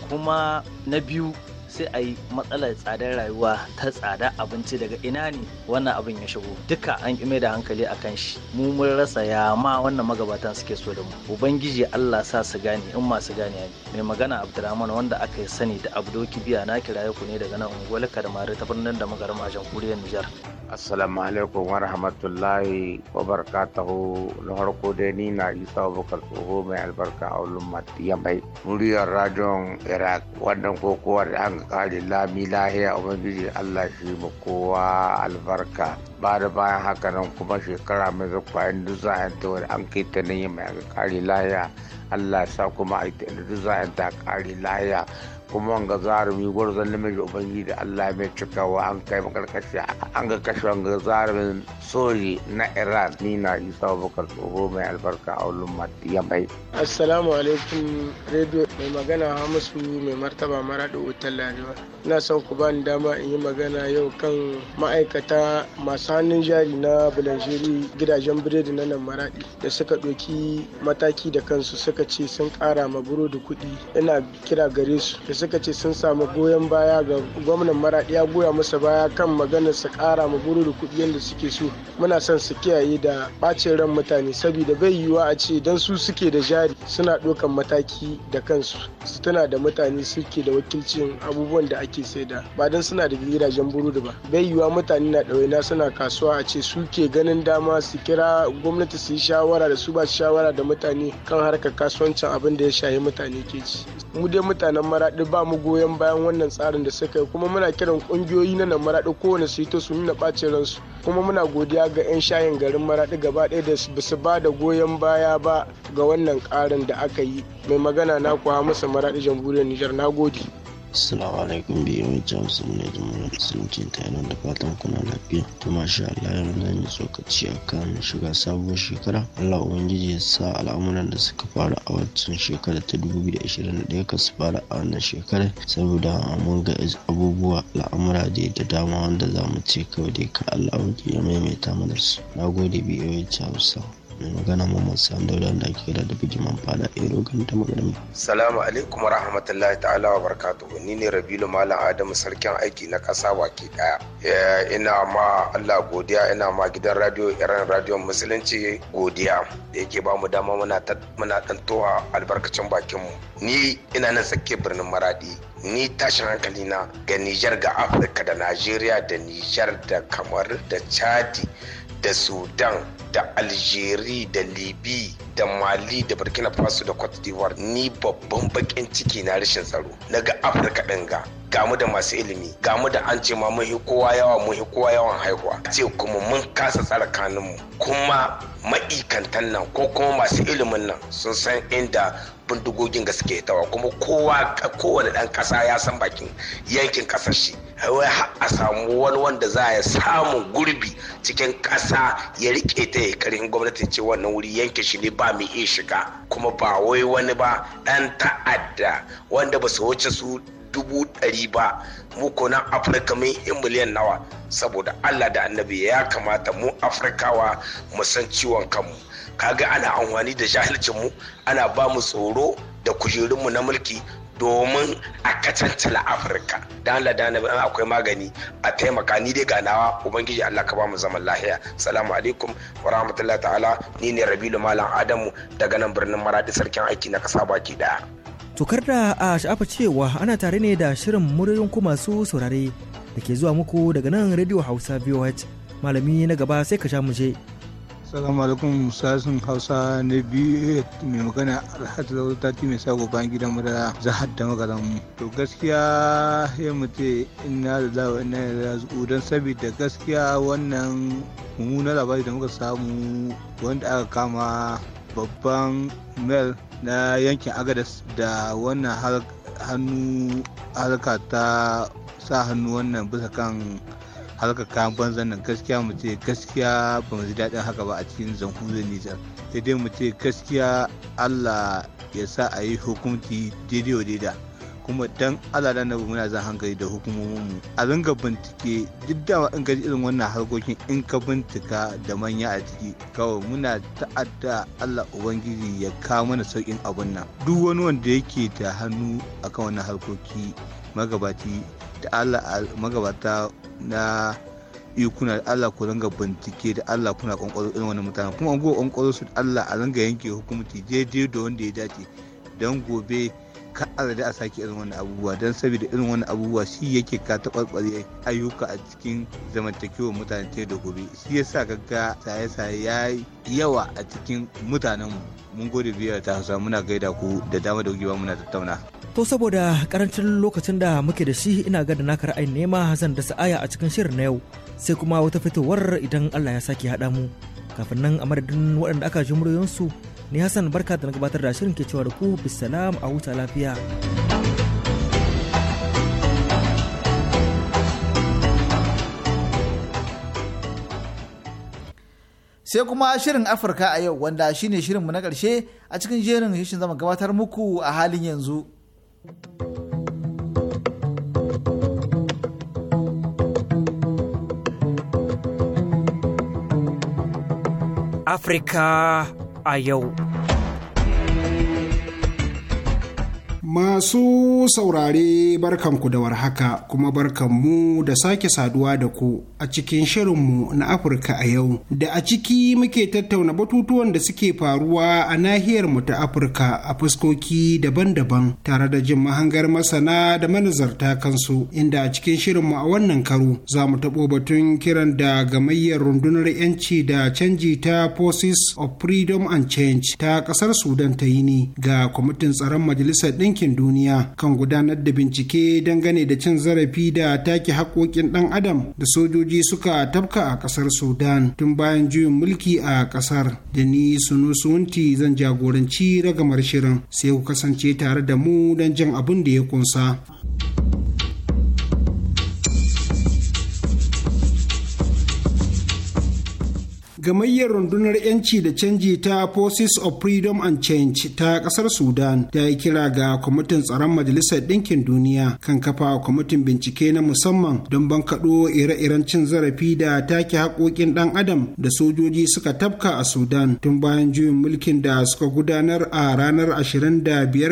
kuma na biyu sai a yi matsalar tsadar rayuwa ta tsada abinci daga ina ne wannan abin ya shigo duka an ƙi da hankali a kan shi mu mun rasa ya ma wannan magabatan suke so da mu ubangiji Allah sa su gane in masu gane ne mai magana Abdulrahman wanda aka yi sani da Abdoki Biya na kiraye ku ne daga nan unguwar Kadamare ta birnin da magaram a jamhuriyar Nijar Assalamu alaikum wa rahmatullahi wa barakatuhu na farko dai ni na Isa Abubakar Tsoho mai albarka a ulumma Matiyamai muryar rajon Iraq wannan kokowar da an kare lami lahiya ubangiji allah shi ma kowa albarka ba da bayan haka nan kuma shekara mai zakwa in duk za ta wani an kai ta nan mai aka lahiya allah sa kuma a za yanta kare lahiya kuma wanga zarumi gwarzon namiji ubangiji Allah mai cikawa an kai makarkashi an ga kashe wanga zarumin soji na Iran ni na Isa Abubakar Tsoho mai albarka a ulun Yamai. Assalamu alaikum radio mai magana Hamisu mai martaba maraɗi wutar Larewa. Ina son ku bani dama in yi magana yau kan ma'aikata masu hannun jari na bulanjeri gidajen biredi na nan maraɗi da suka ɗauki mataki da kansu suka ce sun ƙara ma burodi kuɗi ina kira gare su suka ce sun samu goyon baya ga gwamnan maraɗi ya goya masa baya kan maganar su ƙara ma guru kuɗi yadda suke so muna son su kiyaye da ɓacin ran mutane saboda bai yiwuwa a ce dan su suke da jari suna ɗaukan mataki da kansu su tana da mutane suke da wakilcin abubuwan da ake saida ba dan suna da gidajen burodi ba bai yiwuwa mutane na ɗawaina suna kasuwa a ce suke ganin dama su kira gwamnati su yi shawara da su ba shawara da mutane kan harkar kasuwancin abin da ya shahi mutane ke ci mu dai mutanen maraɗi ba mu goyon bayan wannan tsarin da suka yi kuma muna kiran kungiyoyi na nan maraɗi kowane su ta su nuna ɓacin ransu kuma muna godiya ga 'yan shayin garin maraɗi gaba ɗaya da su ba da goyon baya ba ga wannan ƙarin da aka yi mai magana na kuwa masa maraɗi jamhuriyar nijar na gode. Assalamu alaikum bi mai jamus ne jamhuriyar musulunci ta da fatan kuna lafiya. To masha Allah yau zan yi tsokaci akan shiga sabuwar shekara. Allah Ubangiji ya sa al'amuran da suka fara a wancan shekara ta 2021 ka su fara a wannan shekarar saboda mun ga abubuwa al'amura da da dama wanda za mu ce kawai dai ka Allah ya maimaita mana su. nagode gode biyu jam magana Muhammad Sani Dauda ake da bikin man fada Ero gan ta magarin. Salamu alaikum wa rahmatullahi ta'ala wa barakatuhu ni ne Rabilu Malam Adamu sarkin aiki na kasa waki daya. Eh, ina ma Allah godiya ina ma gidan radio Iran Radio Musulunci godiya da yake ba mu dama muna muna tantowa albarkacin bakin mu. Ni ina nan sake birnin Maradi ni tashin hankali na ga Nijar ga Afirka da Najeriya da Nijar da Kamar da Chadi da sudan da algeria da libi da mali da burkina faso da cote d'ivoire ni babban bakin ciki na rashin tsaro na ga afirka ɗin ga gamu da masu ilimi gamu da an ce ma muhi kowa yawa muhi kowa yawan haihuwa ce kuma mun kasa tsara kanunmu kuma ma'ikantan nan ko kuma masu ilimin nan sun san inda bindigogin gaske tawa kuma kowa kowane dan kasa ya san bakin yankin kasar shi wai a samu wani wanda za ya samu gurbi cikin kasa ya rike ta ya karin gwamnati ce wannan wuri yankin shi ne ba mai iya shiga kuma ba wai wani ba dan ta'adda wanda ba su wuce su dubu ɗari ba mu nan afirka mun yi miliyan nawa saboda allah da annabi ya kamata mu afirkawa mu san ciwon kanmu kaga ana amfani da mu ana ba mu tsoro da kujerunmu na mulki domin a kacantala afirka da allah da annabi akwai magani a taimaka ni dai ganawa ubangiji allah ka ba mu zaman lahiya salamu alaikum wa rahmatullahi ta'ala ni ne rabilu malam adamu daga nan birnin maradi sarkin aiki na kasa baki daya tokar da a sha'afa cewa ana tare ne da shirin muryoyin ku masu saurare da ke zuwa muku daga nan Radio Hausa VOH malami na gaba sai ka sha mu je. salamu alaikum Hausa na biyu mai magana Alhaji Zauro ta mai sago bayan gidan mu da zahar da magana mu. To gaskiya ya mutu ina da zawo ina da zazu don saboda gaskiya wannan mummunan labari da muka samu wanda aka kama babban mel na yankin agadas da wannan hannu halka ta sa hannu wannan bisa kan harkar kayan banzan nan gaskiya mu ce gaskiya ba mu ji daɗin haka ba a cikin zanhuzin nijar sai dai mu ce gaskiya allah ya sa a yi hukunci daidai wa daidai. kuma dan Allah da nabi muna zan hankali da hukumomin mu a ringa bincike duk da in ka irin wannan harkokin in ka bincika da manya a ciki kawai muna ta'adda Allah ubangiji ya kawo mana saukin abun nan duk wani wanda yake da hannu akan wannan harkoki magabati da Allah magabata na yi kuna da Allah ku ringa bincike da Allah kuna kwankwaro irin wani mutane kuma an gowa kwankwaro su da Allah a ringa yanke hukumci daidai da wanda ya dace don gobe ka a sake irin wani abubuwa don saboda irin wani abubuwa shi yake ka taɓarɓare ayyuka a cikin zamantakewar mutane ta da gobe shi ya yasa kaga saye-saye ya yawa a cikin mutanenmu mun gode biyar ta hausa muna gaida ku da dama da gogewa muna tattauna. To saboda karancin lokacin da muke da shi ina ga da naka ra'ayin nema zan da sa'aya a cikin shirin na yau sai kuma wata fitowar idan Allah ya sake haɗa mu. Kafin nan a madadin waɗanda aka ji muryoyinsu ni hassan barka da na gabatar da shirin ke cewa da ku bisalam a huta lafiya sai kuma shirin afirka a yau wanda shine shirinmu na karshe a cikin jerin hishin zama gabatar muku a halin yanzu afirka a yau. Masu saurare barkanku da warhaka kuma barkanmu da sake saduwa da ku a cikin shirinmu na Afirka a yau da a ciki muke tattauna batutuwan da suke faruwa a nahiyar mu ta Afirka a fuskoki daban-daban tare da jin mahangar masana da manazarta kansu inda a cikin shirinmu a wannan karo za mu taɓo batun kiran da gamayyar rundunar 'yanci da canji ta Forces of Freedom and Change ta ƙasar Sudan ta yi ne ga kwamitin tsaron Majalisar Ɗinkin Bankin Duniya kan gudanar da bincike dangane da cin zarafi da take haƙoƙin ɗan adam da sojoji suka tafka a ƙasar Sudan tun bayan juyin mulki a ƙasar. Da ni Sunusunti zan jagoranci ragamar shirin sai ku kasance tare da mu don jin abin da ya kunsa. gamayyar rundunar 'yanci da canji ta forces of freedom and change ta kasar sudan ta yi kira ga kwamitin tsaron majalisar ɗinkin duniya kan kafa kwamitin bincike na musamman don bankaɗo ire-iren cin zarafi da take haƙoƙin ɗan adam da sojoji suka tafka a sudan tun bayan juyin mulkin da suka gudanar a ranar 25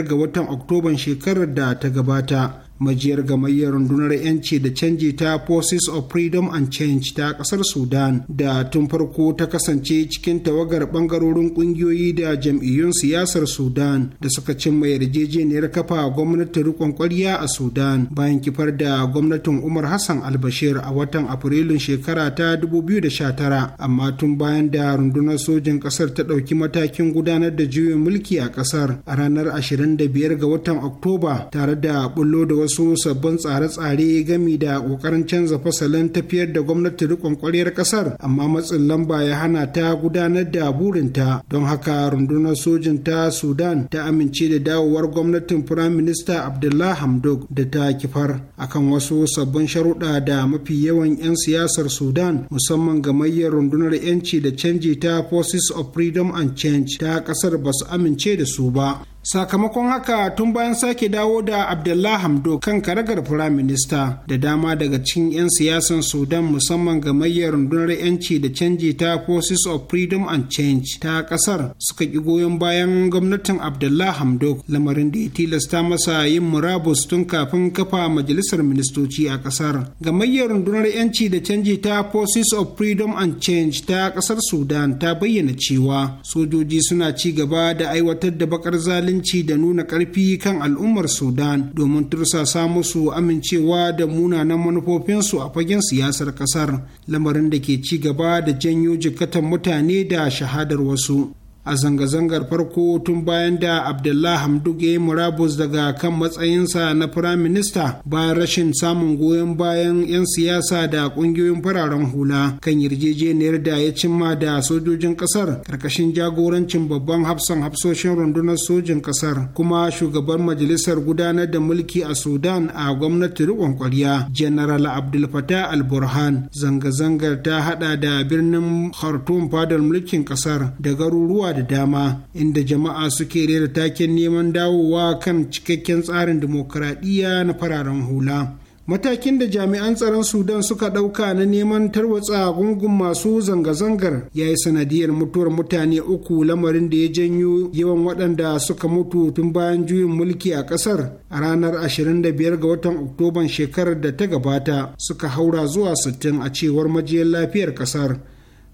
ga watan oktoban shekarar da ta gabata majiyar gamayyar rundunar yanci da canji ta forces of freedom and change ta kasar sudan da tun farko ta kasance cikin tawagar bangarorin kungiyoyi da jam'iyyun siyasar sudan da suka cimma yarjejeniyar kafa gwamnatin rikon kwarya a sudan bayan kifar da gwamnatin umar hassan albashir a watan afrilun shekara ta 2019 amma tun bayan da rundunar sojin kasar ta ɗauki matakin gudanar da juyin mulki a kasar a ranar 25 ga watan oktoba tare da bullo da wasu wasu sabbin tsare-tsare gami da kokarin canza fasalin tafiyar da gwamnati riƙon ƙwaryar ƙasar amma matsin lamba ya hana ta gudanar da burinta don haka rundunar sojin ta sudan ta amince da dawowar gwamnatin prime minister abdullah hamdok da ta kifar akan wasu sabbin sharuɗa da mafi yawan 'yan siyasar sudan musamman ga gamayyar rundunar 'yanci da canji ta forces of freedom and change ta kasar ba su amince da su ba sakamakon haka tun bayan sake dawo da abdullah hamdo kan karagar firaminista da dama daga cikin 'yan siyasan sudan musamman ga gamayyar rundunar 'yanci da canji ta forces of freedom and change ta kasar suka ki goyon bayan gwamnatin abdullah hamdo lamarin da ya tilasta masa yin murabus tun kafin kafa majalisar ministoci a kasar gamayyar rundunar 'yanci da canji ta forces of freedom and change ta kasar sudan ta bayyana cewa sojoji suna ci gaba da aiwatar da bakar zali zalunci da nuna ƙarfi kan al'ummar Sudan domin tursasa musu amincewa da munanan manufofinsu a fagen siyasar ƙasar, lamarin da ke ci gaba da janyo jikatan mutane da shahadar wasu. a zanga-zangar farko tun bayan da Abdullahi hamduk ya yi murabus daga kan matsayinsa na firaminista bayan rashin samun goyon bayan 'yan siyasa da ƙungiyoyin fararen hula kan yarjejeniyar da ya cimma da sojojin kasar karkashin jagorancin babban hafsan hafsoshin rundunar sojin kasar kuma shugaban majalisar gudanar da mulki a sudan a gwamnati riƙon kwarya general abdul fatah al burhan zanga-zangar ta haɗa da birnin khartoum fadar mulkin kasar da garuruwa da dama inda jama'a suke rera taken neman dawowa kan cikakken tsarin dimokuraɗiyya na fararen hula matakin da jami'an tsaron sudan suka ɗauka na neman tarwatsa gungun masu zanga-zangar ya yi sanadiyar mutuwar mutane uku lamarin da ya janyo yawan waɗanda suka mutu tun bayan juyin mulki a ƙasar a ranar 25 ga watan oktoban shekarar da ta gabata suka haura zuwa 60 a cewar majiyar lafiyar ƙasar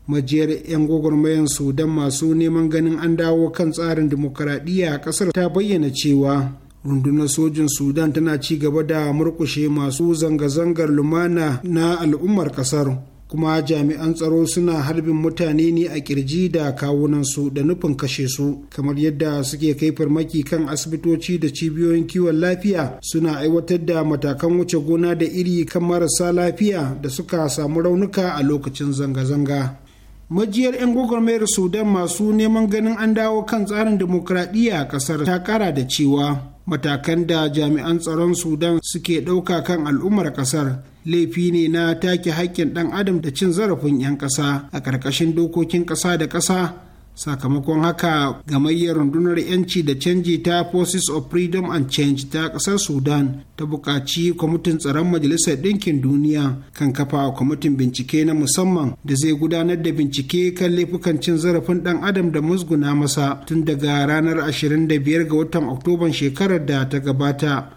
majiyar 'yan gwagwarmayan sudan masu neman ganin an dawo kan tsarin dimokuraɗiyya a ƙasar ta bayyana cewa rundunar sojin sudan tana ci gaba da murkushe masu zanga-zangar lumana na al'ummar ƙasar kuma jami'an tsaro suna harbin mutane ne a kirji da kawunansu da nufin kashe su kamar yadda suke kai farmaki kan asibitoci da cibiyoyin kiwon lafiya suna aiwatar da matakan wuce gona da iri kan marasa lafiya da suka samu raunuka a lokacin zanga-zanga majiyar 'yan gwagwarmayar sudan masu neman ganin an dawo kan tsarin demokradiyya a kasar ta kara da cewa matakan da jami'an tsaron sudan suke ɗauka kan al'ummar kasar laifi ne na take haƙƙin ɗan adam da cin zarafin 'yan ƙasa a ƙarƙashin dokokin ƙasa da ƙasa sakamakon haka gamayyar rundunar yanci da canji ta forces of freedom and change ta kasar sudan ta buƙaci kwamitin tsaron majalisar ɗinkin duniya kan kafa kwamitin bincike na musamman da zai gudanar da bincike kan laifukan cin zarafin ɗan adam da musguna masa tun daga ranar 25 ga watan oktoban shekarar da ta gabata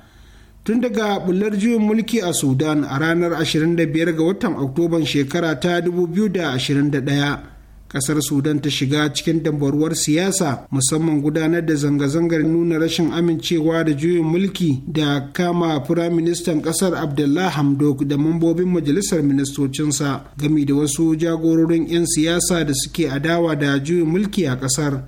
tun daga bular juyin mulki a sudan a ranar 25 ga watan oktoban shekara ta 2021 kasar sudan ta shiga cikin dambaruwar siyasa musamman gudanar da zanga-zangar nuna rashin amincewa da juyin mulki da kama firaministan kasar abdullah hamdok da mambobin majalisar ministocinsa gami da wasu jagororin 'yan siyasa da suke adawa da juyin mulki a kasar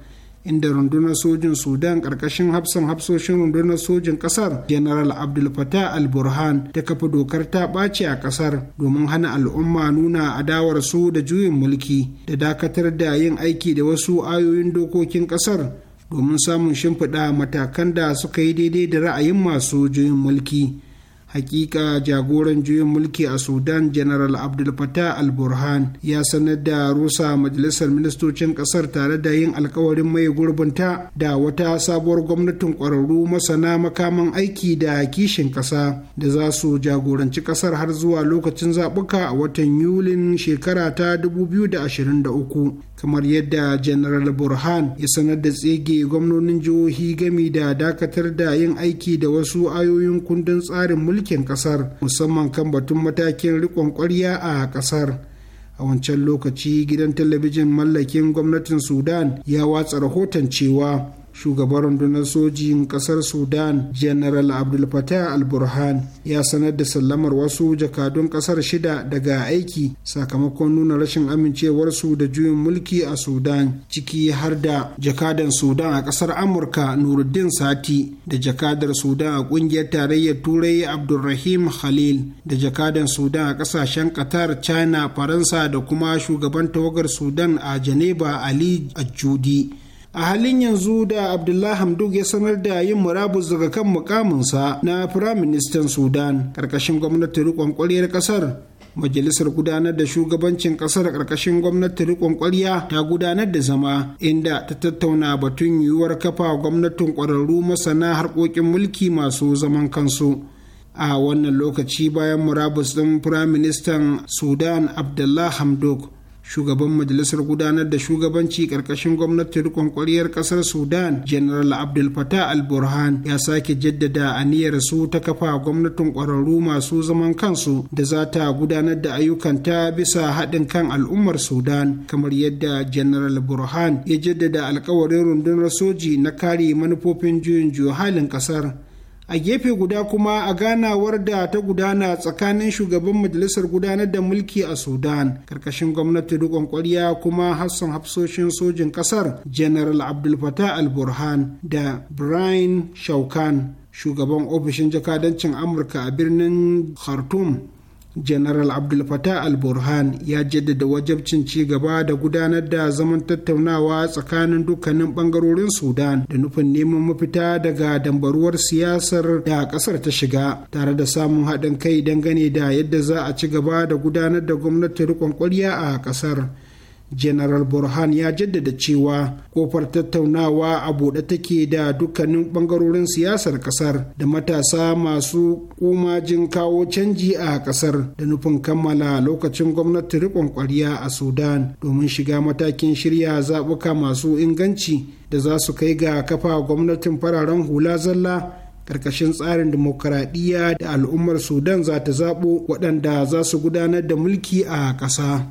inda rundunar sojin sudan karkashin hafsan hafsoshin rundunar sojin kasar general abdul fatah al burhan ta kafa dokar ta ɓace a kasar domin hana al'umma nuna adawar su da juyin mulki da dakatar da yin aiki da wasu ayoyin dokokin kasar domin samun shimfiɗa matakan da suka yi daidai da ra'ayin masu juyin mulki hakika jagoran juyin mulki a sudan general abdul fatah al-burhan ya sanar da rusa majalisar ministocin kasar tare da yin alkawarin mai gurbinta da wata sabuwar gwamnatin kwararru masana makaman aiki da kishin kasa da za su jagoranci kasar har zuwa lokacin zabuka a watan yulin shekara ta 2023 kamar yadda general burhan ya sanar da tsege gwamnonin jihohi gami da dakatar da yin aiki da wasu ayoyin kundin tsarin mulkin kasar musamman kan batun matakin riƙon ƙwarya a kasar a wancan lokaci gidan talabijin mallakin gwamnatin sudan ya watsa rahoton cewa shugaban rundunar sojin kasar sudan general abdul fatah al-burhan ya sanar da sallamar wasu jakadun kasar shida daga aiki sakamakon nuna rashin amincewarsu da juyin mulki a sudan ciki har da jakadan sudan a kasar amurka nuruddin sati da jakadar sudan a kungiyar tarayyar turai abdulrahim khalil da jakadan sudan a kasashen qatar china faransa da kuma shugaban tawagar sudan a janeba ali ajudi a halin yanzu da abdullah hamduk ya sanar da yin murabus daga kan mukaminsa na firaministan sudan ƙarƙashin gwamnati rikon ƙwarriyar ƙasar majalisar gudanar da shugabancin kasar ƙarƙashin gwamnati rikon kwarya ta gudanar da zama inda ta tattauna batun yiwuwar kafa gwamnatin kwararru masana harkokin mulki masu zaman kansu a wannan lokaci bayan murabus ɗin firaministan sudan abdullah hamdok shugaban majalisar gudanar da shugabanci karkashin gwamnatin rikon kwariyar kasar sudan general abdul fatah al-burhan ya sake jaddada aniyar su ta kafa gwamnatin kwararru masu zaman kansu da za ta gudanar da ayyukanta bisa haɗin kan al'ummar sudan kamar yadda general burhan ya jaddada alkawarin rundunar soji na kare manufofin juyin halin kasar a gefe guda kuma a ganawar da ta gudana tsakanin shugaban majalisar gudanar da mulki a sudan karkashin gwamnati rikon kwarya kuma hassan hafsoshin sojin kasar general abdul fatah al-burhan da brian shaukan shugaban ofishin jakadancin amurka a birnin khartoum General Abdul Fattah al-Burhan ya jaddada wajabcin ci gaba da gudanar da zaman tattaunawa tsakanin dukkanin bangarorin Sudan da nufin neman mafita daga dambaruwar siyasar da kasar ta shiga tare da samun haɗin kai dangane da yadda za a ci gaba da gudanar da gwamnati riƙon ƙwarya a kasar. general burhan ya jaddada cewa kofar tattaunawa a buɗe take da dukkanin ɓangarorin siyasar ƙasar da matasa masu kumajin kawo canji a ƙasar da nufin kammala lokacin gwamnati riƙon ƙwarya a sudan domin shiga matakin shirya zaɓuka masu inganci da za su kai ga kafa gwamnatin fararen hula zalla ƙarƙashin tsarin dimokuraɗiyya da al'ummar sudan za ta zaɓo waɗanda za su gudanar da mulki a ƙasa.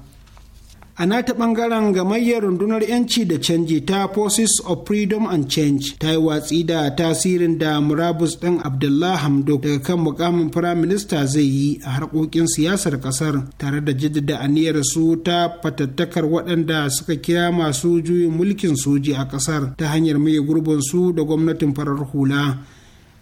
Ana ta bangaren gamayyar rundunar yanci da canji ta forces of freedom and change ta yi watsi da tasirin da murabus ɗin abdullah hamdok daga kan mukamin firaminista zai yi a harkokin siyasar ƙasar tare da jaddada aniyar su ta fatattakar waɗanda suka kira masu juyin mulkin soji a ƙasar ta hanyar mai gurbin su da gwamnatin farar hula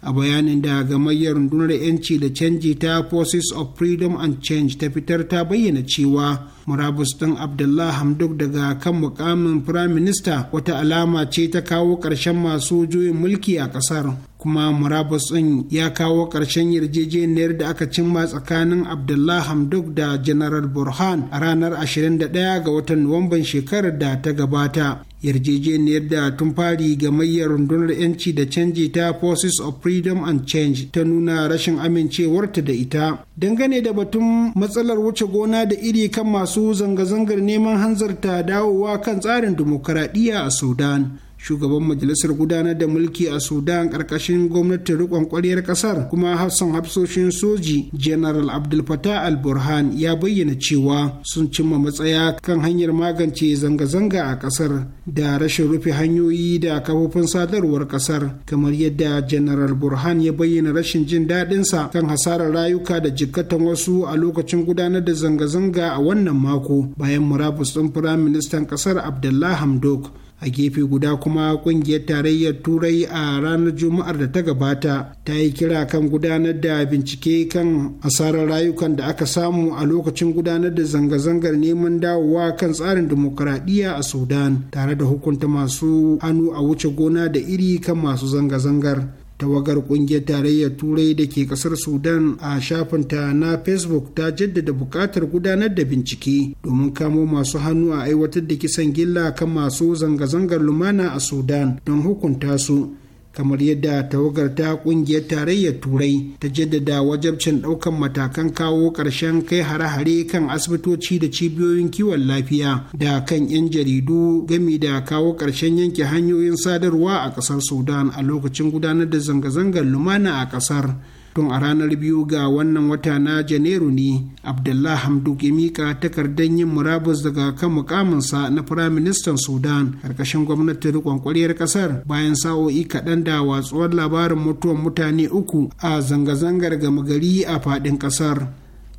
a bayanin da gamayyar rundunar yanci da canji ta forces of freedom and change ta fitar ta bayyana cewa murabus ɗin abdullah hamduk daga kan mukamin firaminista wata alama ce ta kawo ƙarshen masu juyin mulki a ƙasar kuma murabus ɗin ya kawo ƙarshen yarjejeniyar da aka cimma tsakanin abdullah hamduk da general burhan a ranar 21 ga watan nuwamban shekarar da ta gabata yarjejeniyar da tun fari gamayyar rundunar 'yanci da canji ta forces of freedom and change ta nuna rashin amincewarta da ita dangane da batun matsalar wuce gona da iri kan masu masu zanga-zangar neman hanzarta dawowa kan tsarin dimokuraɗiyya a Sudan. shugaban majalisar gudanar da mulki a sudan karkashin gwamnatin rikon kwaryar kasar kuma Hassan hafsoshin soji general abdul fatah al burhan ya bayyana cewa sun cimma matsaya kan hanyar magance zanga-zanga a kasar da rashin rufe hanyoyi da kafofin sadarwar kasar kamar yadda general burhan ya bayyana rashin jin daɗinsa kan hasarar rayuka da jikkatan wasu a lokacin gudanar da zanga-zanga a wannan mako bayan murabus ɗin firaministan kasar Abdullahi hamdok a gefe guda kuma kungiyar tarayyar turai a ranar juma'ar da ta gabata ta yi kira kan gudanar da bincike kan asarar rayukan da aka samu a lokacin gudanar da zanga-zangar neman dawowa kan tsarin dimokuraɗiyya a sudan tare da hukunta masu hannu a wuce gona da iri kan masu zanga-zangar tawagar kungiyar tarayyar turai da ke kasar sudan a shafinta na facebook ta jaddada buƙatar gudanar da bincike domin kamo masu hannu a aiwatar da kisan gilla kan masu zanga-zangar lumana a sudan don hukunta su kamar yadda tawagar ta kungiyar tarayyar turai ta jaddada wajabcin daukan matakan kawo ƙarshen kai hare-hare kan asibitoci da cibiyoyin kiwon lafiya da kan 'yan jaridu gami da kawo ƙarshen yanke hanyoyin sadarwa a ƙasar sudan a lokacin gudanar da zanga-zangar lumana a ƙasar tun a ranar biyu ga wannan wata na janairu ne abdullah hamduk ya mika takardar yin murabus daga kan mukaminsa na firaministan sudan karkashin gwamnatin da ƙasar kasar bayan sa'o'i kaɗan da watsuwar labarin mutuwar mutane uku a zanga-zangar gama gari a faɗin ƙasar.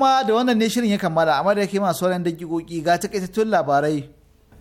kuma da wannan ne shirin ya kammala amma da yake masu sauran dagigogi ga takaitattun labarai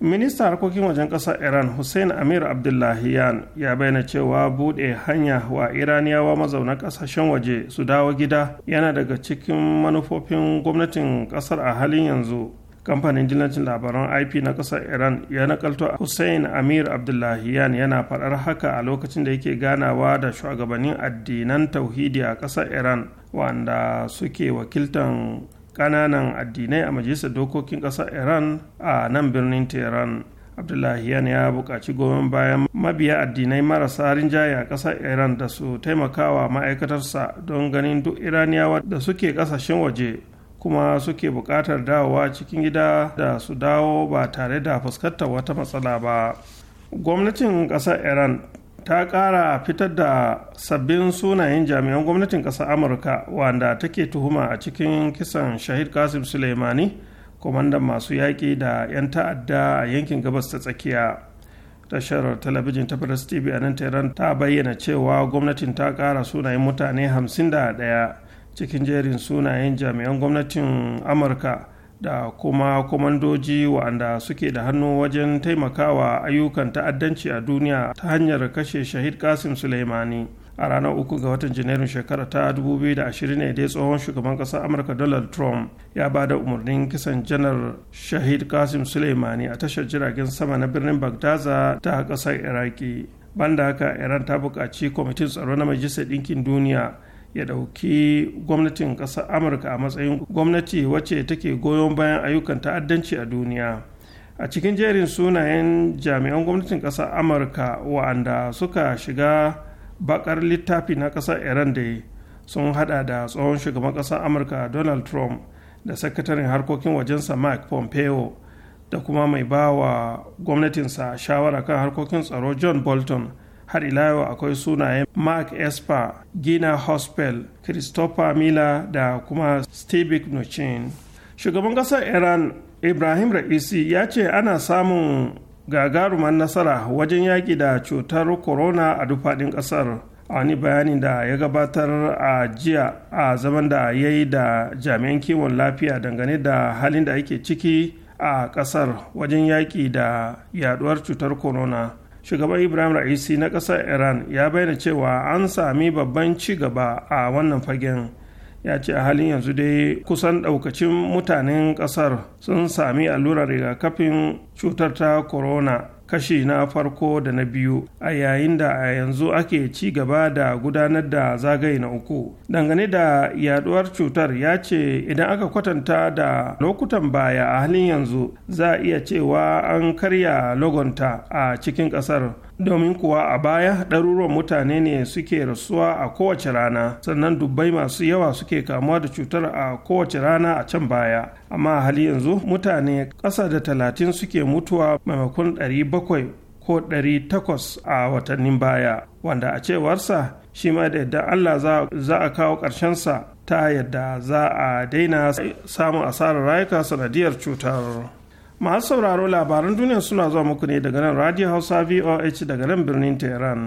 ministan harkokin wajen ƙasar iran hussein amir abdullahiyan ya bayyana cewa buɗe hanya wa iraniyawa mazauna ƙasashen waje su dawo gida yana daga cikin manufofin gwamnatin ƙasar a halin yanzu kamfanin dillacin labaran ip na ƙasar iran ya nakalto hussein amir abdullahiyan yana faɗar haka a lokacin da yake ganawa da shugabannin addinan tauhidi a ƙasar iran wanda suke wakiltan ƙananan addinai a majalisar dokokin ƙasar iran a nan birnin tehran abdullahiyan ya buƙaci goyon bayan mabiya addinai marasa rinjaye a ƙasar iran da su taimakawa ma'aikatarsa don ganin duk iraniyawa da suke ƙasashen waje kuma suke buƙatar dawowa cikin gida da su dawo ba tare da fuskantar wata matsala ba gwamnatin ƙasar iran ta ƙara fitar da sabbin sunayen jami'an gwamnatin ƙasar amurka wanda take tuhuma a cikin kisan shahid kasim suleimani kwamandan masu yaƙi da 'yan ta'adda a yankin gabas ta tsakiya tashar talabijin ta press tv a nan tehran ta bayyana cewa gwamnatin ta ƙara sunayen mutane 51 cikin jerin sunayen jami'an gwamnatin amurka da kuma kwamandoji wa'anda suke da hannu wajen taimakawa ayyukan ta'addanci a duniya ta hanyar kashe shahid kasim suleimani a ranar uku ga watan janairun shekara ta 2020 ne dai tsohon shugaban ƙasar amurka donald trump ya ba da umarnin kisan janar shahid kasim suleimani a tashar jiragen sama na birnin bagdaza ta kasar iraki banda haka iran ta buƙaci kwamitin tsaro na majalisar ɗinkin duniya ya ɗauki gwamnatin ƙasar amurka a matsayin gwamnati wacce take goyon bayan ayyukan ta'addanci a duniya a cikin jerin sunayen jami'an gwamnatin ƙasar amurka wa'anda suka shiga bakar littafi na ƙasar iran da sun hada da tsohon shugaban ƙasar amurka donald trump da sakataren harkokin wajensa mike pompeo da kuma mai ba wa gwamnatinsa shawara kan harkokin tsaro john bolton har ila yau akwai sunayen mark esper gina hospital christopher miller da kuma steve nochin shugaban kasar iran ibrahim ra'isi ya ce ana samun gagaruman nasara wajen yaƙi da cutar corona a dufaɗin ƙasar a wani bayani da ya gabatar a jiya a zaman da ya yi da jami'an kiwon lafiya dangane da halin da ake ciki a ƙasar wajen yaki da yaduwar cutar corona shugaban ibrahim ra'isi na ƙasar iran ya bayyana cewa an sami babban ci gaba a wannan fagen ya ce a halin yanzu dai kusan ɗaukacin mutanen ƙasar sun sami allurar rigakafin cutar ta corona kashi na farko da na biyu a yayin da a yanzu ake ci gaba da gudanar da zagaye na uku dangane da yaduwar cutar ya ce idan aka kwatanta da lokutan baya a halin yanzu za a iya cewa an karya logonta a cikin kasar domin kuwa a baya ɗaruruwan mutane ne suke rasuwa a kowace rana sannan dubbai masu yawa suke kamuwa da cutar a kowace rana a can baya amma hali yanzu mutane ƙasa da talatin suke mutuwa maimakon ɗari bakwai ko ɗari takwas a watannin baya wanda a cewarsa shi ma da yadda allah za a kawo ƙarshensa ta yadda za a daina samun asarar rayuka sanadiyar cutar. masu sauraro labaran duniya suna zuwa muku ne daga nan radio hausa voh daga nan birnin tehran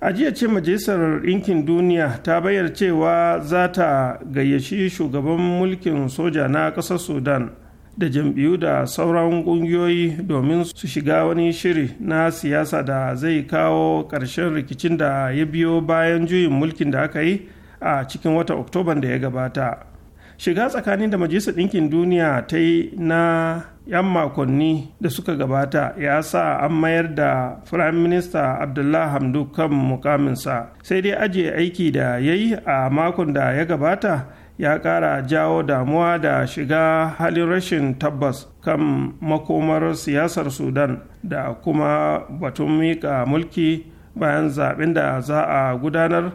a jiya ce majalisar ɗinkin duniya ta bayyana cewa za ta gayyaci shugaban mulkin soja na ƙasar sudan da jam'iyyu da sauran ƙungiyoyi domin su shiga wani shiri na siyasa da zai kawo ƙarshen rikicin da ya biyo bayan juyin mulkin da aka yi a cikin wata oktoban da ya gabata shiga tsakanin da majalisar ɗinkin duniya ta yi na 'yan makonni da suka gabata ya sa an mayar da firayim minista abdullah hamdu kan mukaminsa sai dai ajiye aiki da ya yi a makon da ya gabata ya kara jawo damuwa da shiga halin rashin tabbas kan makomar siyasar sudan da kuma batun miƙa mulki bayan zaɓen da za a gudanar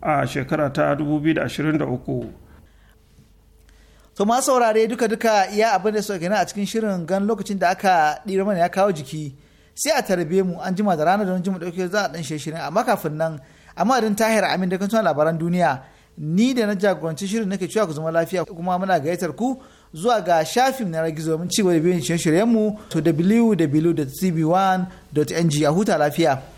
a shekara ta 2023 to ma saurare duka duka iya abin da suka gani a cikin shirin gan lokacin da aka ɗira mana ya kawo jiki sai a tarbe mu an jima da rana don jima da za a ɗan shirin amma kafin nan amma madadin tahir amin da kan labaran duniya ni da na jagoranci shirin nake cewa ku zama lafiya kuma muna gayyatar ku zuwa ga shafin na gizo mun ci gaba da biyan shirye mu to www.tv1.ng a huta lafiya.